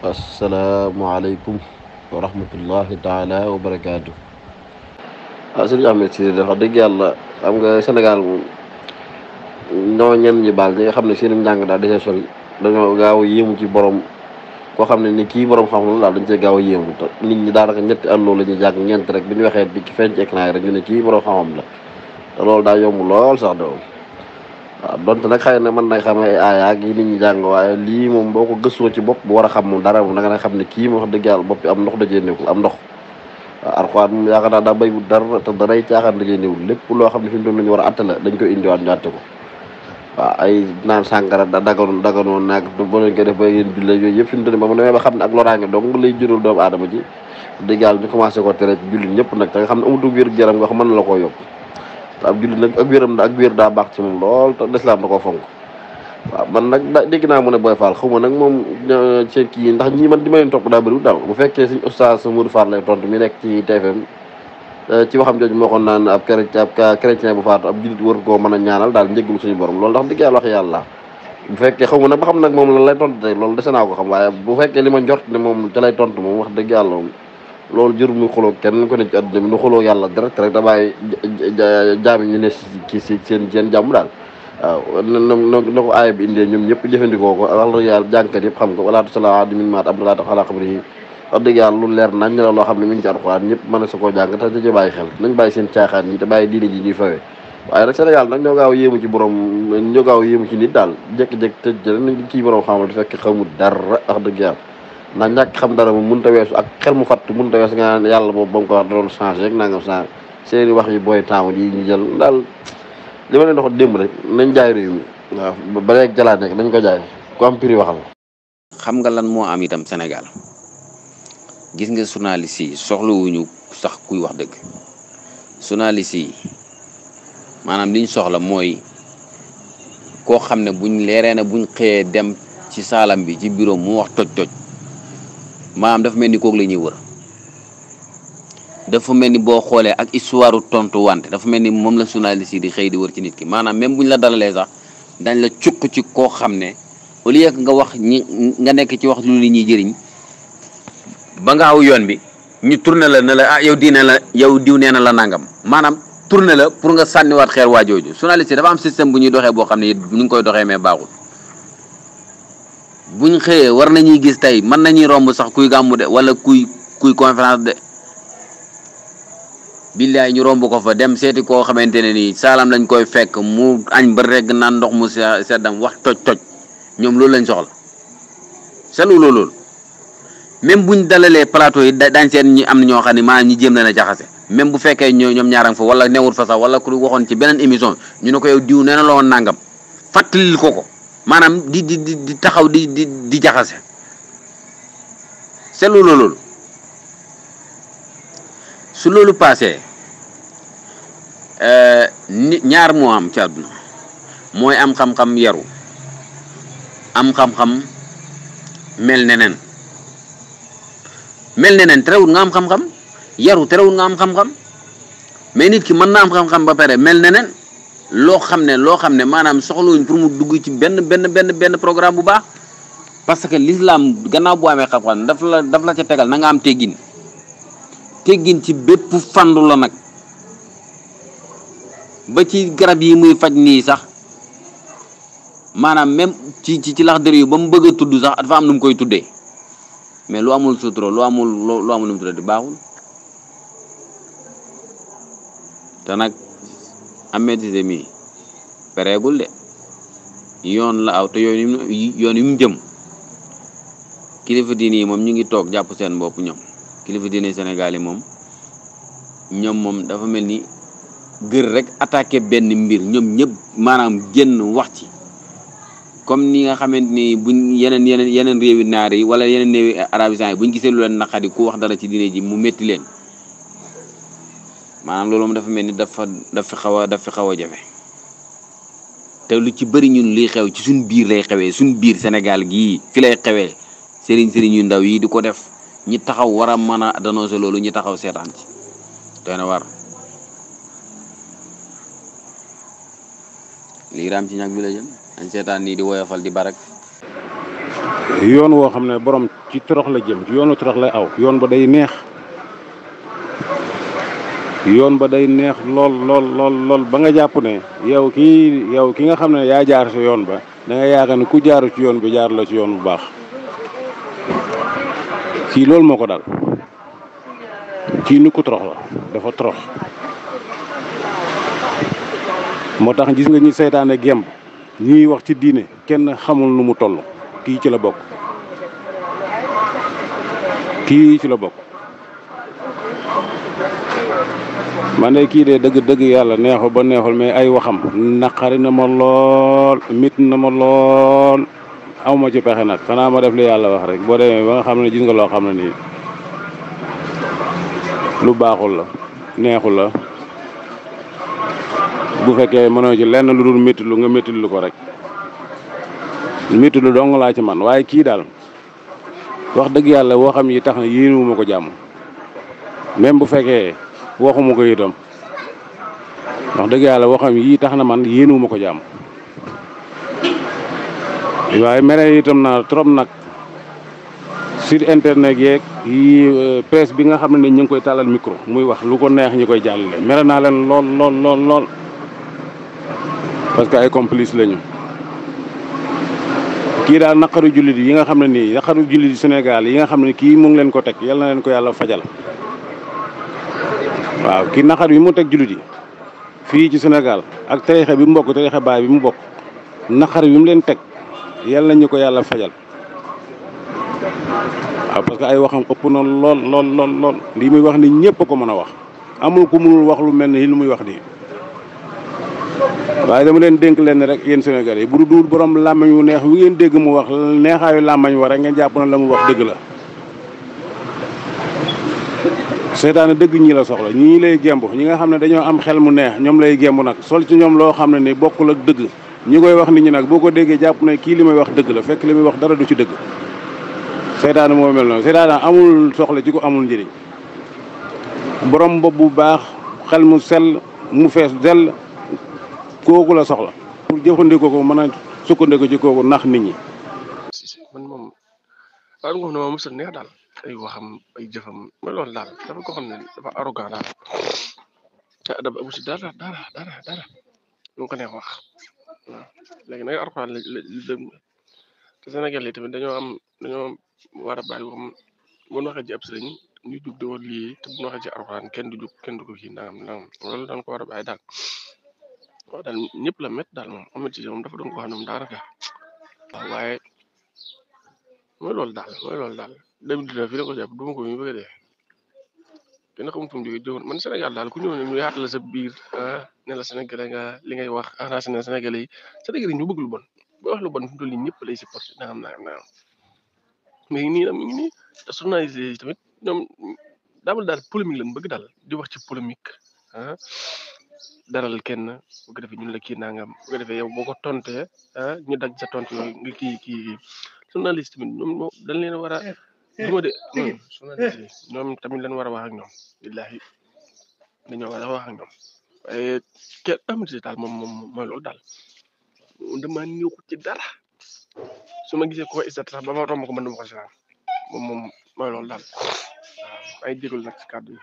asalaamualeykum wa rahmatullahi taala wa barakaatu. ah sëñ Ahmed Cissé dafa dëgg yàlla xam nga Sénégal moom ñoo ñenn ñi baal ñi xam ne seen njàng daal dañoo sori dañoo gaaw a yéemu ci borom koo xam ne ni kii borom xam-xam la dañ cee gaaw a nit ñi daanaka ñetti àlloo la ñuy jàng ñeent rek bi ñu waxee bi ci rek ñu ne kii borom xam la loolu daa yomb lool sax de waaw donte nag xëy na mën na xam ay aaya ak jàng waaye lii moom boo ko gëstoo ci bopp bu war a xam moom dara moom da nga xam ne kii wax dëgg yàlla bopp bi am ndox dajee néewul am ndox waaw Alxuraan moom yaakaar naa daa béywul dara te loo xam ne fi mu doon a atte la dañ koy indiwaat ñu atte ko waaw ay naan da daganoon daganoon naag boo leen koy yëpp fi mu doon ba mu demee ba xam ne loraange dong lay jural doomu aadama ci ñëpp nag te nga xam ne amutug wér-gu-yaram nga xam mën la koo yóbbu te ab jullit nag ak wéram ak wér daa baax moom lool te lislaam da koo fonk man nag dégg naa mu ne Boy Fall xaw ma nag moom euh, ci kii ndax ñi man di ma leen topp bu fekkee suñ oustaz Modou Fall lay tontu mi nekk ci TFM euh, ci waxam jooju moo xoon naan ab chrétien ab chrétien war koo mën a ñaanal daal njëggul suñu borom loolu ndax dëgg yàlla wax yàlla bu fekkee xaw ma nag ba moom la loolu dese naa ko xam waaye bu fekkee li ma ne moom ca lay tontu moom wax dëgg yàlla moom loolu jërul muy xuloo kenn ko ne ci adduna bi nu yàlla direct rek da bàyyi jaami ñu ne ci si seen seen jàmm daal waaw na ko aaya bi indee ñoom ñëpp jëfandikoo ko wax yàlla jàngkat yëpp xam ko walaatu sala di min maat abdulaa ta xalaa xabri yi wax leer nañ la loo xam ne mi ngi ci alxuraan ñëpp mën a sa koo jàng te ci xel nañ bàyyi seen caaxaan yi te bàyyi diine ji ñuy fawee waaye nag Sénégal nag ñoo gaaw yéemu ci borom ñoo gaaw yéemu ci nit daal jékki-jékki tëj nañ kii borom xamal fekk xamul dara wax dëgg yàlla ndax ñàkk xam dara moom mënut a weesu ak xel mu fatt mënut a weesu nga naan yàlla boobu ba mu ko wax da doon changé rek nangam changé seeni wax yi booy taamu yi ñu jël daal li ma démb rek nañ jaay ba léegi jalaat nekk nañ ko jaay ku am prix waxal. xam nga lan moo am itam Sénégal gis nga journaliste yi soxlawuñu sax kuy wax dëgg journaliste yi maanaam liñ soxla mooy koo xam ne buñ leeree na buñ xëyee dem ci saalam bi ci bureau mu wax toj-toj. maanaam dafa mel ni kook la ñuy wër dafa mel ni boo xoolee ak histoire tontu wante dafa mel ni moom la journaliste di xëy di wër ci nit ki maanaam même bu ñu la dalalee sax dañ la cukk ci koo xam ne au lieu nga wax ñi nga nekk ci wax lu li ñuy jëriñ ba nga aw yoon bi ñu tourné la ne la ah yow diine la yow diw nee na la nangam maanaam tourné la pour nga sànniwaat xeer waajooju journaliste yi dafa am système bu ñuy doxee boo xam ne ñu ngi koy doxee mais baaxul. buñ xëyee war nañuy gis tey mën nañuy romb sax kuy gàmmu de wala kuy kuy conférence de billaay ñu romb ko fa dem seeti koo xamante ne nii saalam lañ koy fekk mu añ ba regg naan ndox mu seddam wax toj toj ñoom loolu lañ soxla selu loolu bu buñ dalalee plateau yi dañ seen ñi am na ñoo xam ne maanaam ñi jéem leen jaxase même bu fekkee ñoom ñaarang fa wala newul fa sax wala ku waxoon ci beneen émission ñu ne ko yow diw nee na la nangam nàngam fàttalil ko maanaam di di di taxaw di di di jaxase seetlu la loolu su loolu paasee euh, ni ñaar moo am ci àdduna mooy am xam-xam yaru am xam-xam mel neneen mel neneen terewul nga am xam-xam yaru terewul nga am xam-xam mais nit ki mën na am xam-xam ba pare mel neneen loo xam ne loo xam ne maanaam soxlawuñ pour mu dugg ci benn benn benn benn programme bu baax parce que l'islam gannaaw boo amee xam-xam daf la daf la ca tegal na nga am teggin teggin ci bépp fandu la nag ba ci garab yi muy faj nii sax maanaam même ci ci ci lax dër yu ba mu bëgg tudd sax dafa am nu mu koy tuddee mais lu amul sutura lu amul lu amul nu di baaxul te nag Ahmed mi mii pareegul de yoon la aw te yoon yoon yu mu jëm kilifa diine yi moom ñu ngi toog jàpp seen bopp ñoom kilifa diine Sénégal yi moom ñoom moom dafa mel ni gër rek attaqué benn mbir ñoom ñëpp maanaam génn wax ci comme ni nga xamante ni buñ yeneen yeneen yeneen réewi naar yi wala yeneen réewi arabisants yi buñ gisee lu leen naqari ku wax dara ci diine ji mu métti leen maanaam loolu moom dafa mel ni dafa daf xaw a dafa xaw a jafe te lu ci bari ñun liy xew ci suñ biir lay xewee suñ biir Sénégal gii fi lay xewee sëriñ sëriñ yu ndaw yi di ko def ñi taxaw war a mën a dénoncer loolu ñi taxaw seetaan ci doy na war lii raam ci ñag bi la jëm dañ seetaan nii di woyofal di barak yoon woo xam ne boroom ci torox la jëm yoonu torox lay aw yoon ba day neex yoon ba day neex lool lool lool lool ba nga jàpp ne yow kii yow ki nga xam ne yaa jaar ci yoon ba da nga ne ku jaaru ci yoon bi jaar la ci yoon bu baax kii loolu moo ko dal kii ni ku torox la dafa torox moo tax gis nga ñu seytaane gemb ñuy wax ci diine kenn xamul nu mu toll kii ci la bokk kii ci la bokk man de kii de dëgg dëgg yàlla neexul ba neexul mais ay waxam naqari na ma lool mit na ma lool awma ci pexe nag xanaa ma def li yàlla wax rek boo demee ba nga xam ne gis nga loo xam ne nii lu baaxul la neexul la bu fekkee mënoo ci lenn lu dul métti lu nga métti ko rek métti lu dong laa ci man waaye kii daal wax dëgg yàlla woo xam yi tax na yéenuwuma ko jàmm même bu fekkee waxuma ko itam wax dëgg yàlla waxam yii tax na man yéenuwuma ko jàmm waaye mere itam na trop nag sur internet yeeg yi euh, presse bi nga xam ne ñu ngi koy tàllal micro muy wax lu ko neex ñi koy jàllale mere naa leen lool lool lool lool parce que ay complice lañu kii daal naqaru jullit yi nga xam ne nii naqaru jullit Sénégal yi nga xam ne kii mu ngi leen ko teg yal na leen ko yàlla fajal waaw kii naxar yi mu teg jullit yi fii ci Sénégal ak tariixa bi mu bokk tariixa baay bi mu bokk naqar bi mu leen teg yàlla ñu ko yàlla fajal parce que ay waxam ëpp na lool lool lool lool muy wax ni ñëpp ko mën a wax amul ku mënul wax lu mel ni lu muy wax nii waaye dama leen dénk leen rek yéen Sénégalais yi bu dul borom làmmañ wu neex wi ngeen dégg mu wax neexaayu làmmañ wa rek ngeen jàpp na la mu wax dëgg la seytaane dëgg ñii la soxla ñii lay gemb ñi nga xam ne dañoo am xel mu neex ñoom lay gemb nag sol ci ñoom loo xam ne ni bokkul ak dëgg ñi koy wax nit ñi nag boo ko déggee jàpp na kii li may wax dëgg la fekk li muy wax dara du ci dëgg seytaane moo mel noonu seytaane amul soxla ci ko amul njëriñ borom bopp bu baax xel mu sell mu fees dell kooku la soxla pour jëfandikoo ko mën a sukkandiku kooku nax nit ñi man moom daal moom na neex daal ay waxam ay jëfam ma loolu daal dafa ko xam ne dafa arrogant daal ah, dafa dara dara dara dara ko neex wax waaw léegi nag Alxuraan la te Sénégal yi tamit dañoo am dañoo war a bàyyi waxam bu ñu waxee jug di war lii te bu ñu waxee ci Alxuraan kenn du jug kenn du ko kii nangam nangam loolu dañ ko war a daal waaw ñëpp la met daal moom amet si moom dafa doon ko mooy loolu daal mooy loolu daal 2019 fii la ko jàpp du ma ko ñu bëgg a dee kenn xamul fu man Sénégal daal ku ñëw ne ñu yaatal sa biir ah ne la Sénégalais nga li ngay wax enraciné na yi Sénégalais yi ñu bëgg lu bon boo wax lu bon fi mu toll nii ñëpp lay supporté naam am na mais nii nag ñu nii te journaliste yi tamit ñoom daamul daal polémique lañ bëgg daal di wax ci polémique ah daral kenn bu ko defee ñun la kii nangam bu ko defee yow boo ko tontee ah ñu dagg sa tont yooyu nga kii journaliste bi ñoom dañ leen war a. Eh, eh, duma de eh, journaliste ñoom tamit lañ war a wax ak ñoom. billahi dañoo war a wax ak ñoom waaye kenn amul daal moom moom mooy loolu daal dama ci dara su ma gisee ko ISRA sax ba ma romb ko man dama ko si moom moom loolu daal waaw ay jégalu